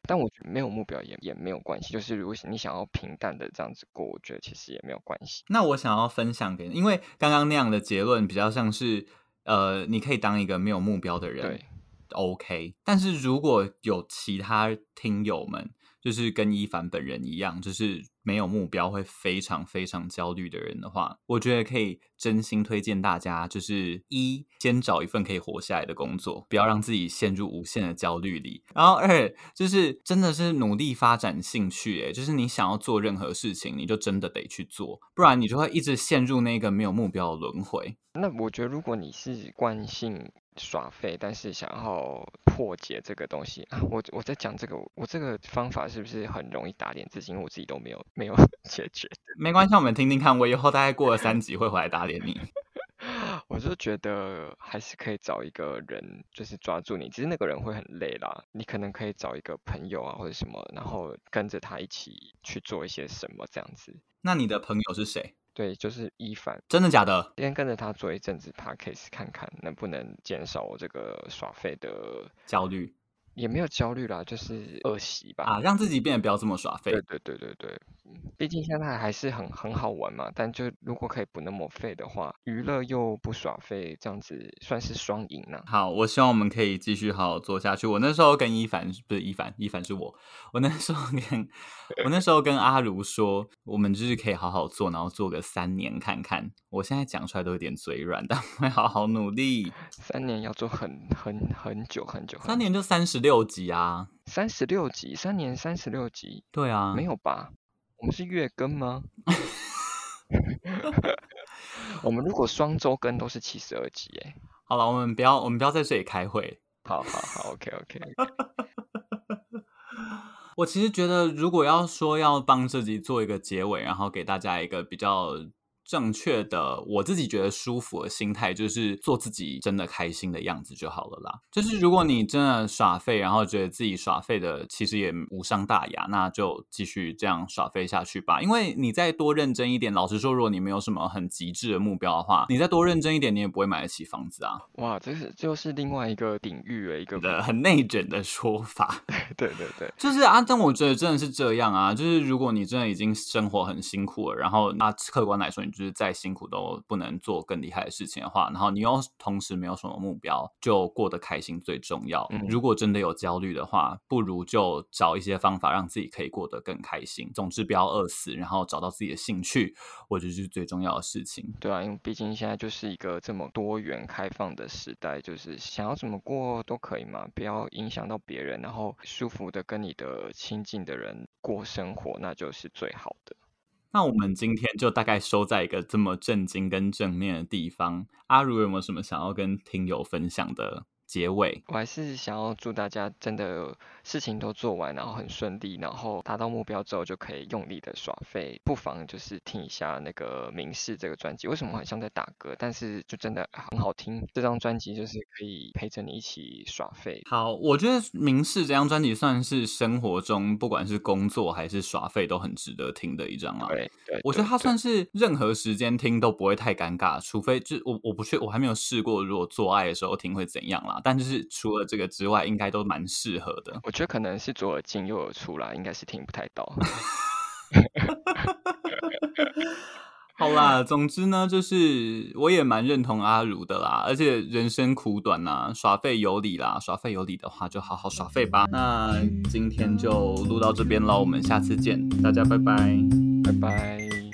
但我覺得沒有目標也也沒有關係，就是如果你想要平淡的這樣子過，我覺得其實也沒有關係。那我想要分享給你，因為剛剛那樣的結論比較像是，呃，你可以當一個沒有目標的人。對。OK，但是如果有其他聽友們，就是跟伊凡本人一樣，就是沒有目標會非常非常焦慮的人的話，我覺得可以真心推薦大家，就是一先找一份可以活下來的工作，不要讓自己陷入無限的焦慮裡。然後二就是真的是努力發展興趣，欸，就是你想要做任何事情，你就真的得去做，不然你就會一直陷入那個沒有目標的輪迴。那我覺得，如果你是慣性。耍廢，但是想要破解這個東西，啊、我我在講這個，我這個方法是不是很容易打臉自己？因為我自己都沒有沒有解決。沒關係，我們聽聽看，我以後大概過了三集會回來打臉你。 我就覺得還是可以找一個人，就是抓住你，只是那個人會很累啦。你可能可以找一個朋友啊，或者什麼，然後跟着他一起去做一些什麼這樣子。那你的朋友是誰？對，就是伊凡。真的假的？今天跟着他做一陣子 Podcast，看看能不能減少我這個耍廢的焦慮。也沒有焦慮啦，就是惡習吧。啊，讓自己變得不要這麼耍廢。對對對對對，畢竟現在還是很很好玩嘛。但就如果可以不那麼廢的話，娛樂又不耍廢，這樣子算是雙贏呢。好，我希望我們可以繼續好好做下去。我那時候跟伊凡不是伊凡，伊凡是我。我那時候跟，對我那時候跟阿儒說，我們就是可以好好做，然後做個三年看看。我現在講出來都有點嘴軟，但 我會好好努力。三年要做很很很久很久，很久很久三年就三十。六集啊，三十六集，三年三十六集，對啊，沒有吧？我們是月更嗎？ 我們如果雙周更都是七十二集，哎，好了，我們不要，我們不要在這裡開會，好好好好，OK，OK，OK。 我其實覺得，如果要說要幫自己做一個結尾，然後給大家一個比較。正確的，我自己覺得舒服的心態就是做自己真的開心的樣子就好了啦。就是如果你真的耍廢，然後覺得自己耍廢的，其實也無傷大雅，那就繼續這樣耍廢下去吧。因為你再多認真一點，老實說，如果你沒有什麼很極致的目標的話，你再多認真一點，你也不會買得起房子啊。哇，這是就是另外一個領域的一個的很內捲的說法。 對，對對對，就是啊，但我覺得真的是這樣啊。就是如果你真的已經生活很辛苦了，然後那客觀來說，你就是再辛苦都不能做更厲害的事情的話，然後你又同時沒有什麼目標，就過得開心最重要。嗯。如果真的有焦慮的話，不如就找一些方法讓自己可以過得更開心。總之不要餓死，然後找到自己的興趣，我覺得是最重要的事情。對啊，因為畢竟現在就是一個這麼多元開放的時代，就是想要怎麼過都可以嘛，不要影響到別人，然後舒服的跟你的親近的人過生活，那就是最好的。那我們今天就大概收在一個這麼震驚跟正面的地方。阿如有沒有什麼想要跟聽友分享的？結尾，我還是想要祝大家真的事情都做完，然後很順利，然後達到目標之後就可以用力的耍廢。不妨就是聽一下那個《明室》這個專輯。為什麼我很像在打歌，但是就真的很好聽。這張專輯就是可以陪着你一起耍廢。好，我覺得《明室》這張專輯算是生活中不管是工作還是耍廢都很值得聽的一張了。對，我覺得它算是任何時間聽都不會太尷尬，對對對，除非就我我不確，我還沒有試過，如果做愛的時候聽會怎樣啦。但就是除了這個之外，應該都蠻適合的。我覺得可能是左耳進右耳出啦，應該是聽不太到。 好啦，總之呢，就是我也蠻認同阿如的啦。而且人生苦短吶，耍廢有理啦，耍廢有理的話，就好好耍廢吧。嗯、那今天就錄到這邊嘍，我們下次見，大家拜拜，拜拜。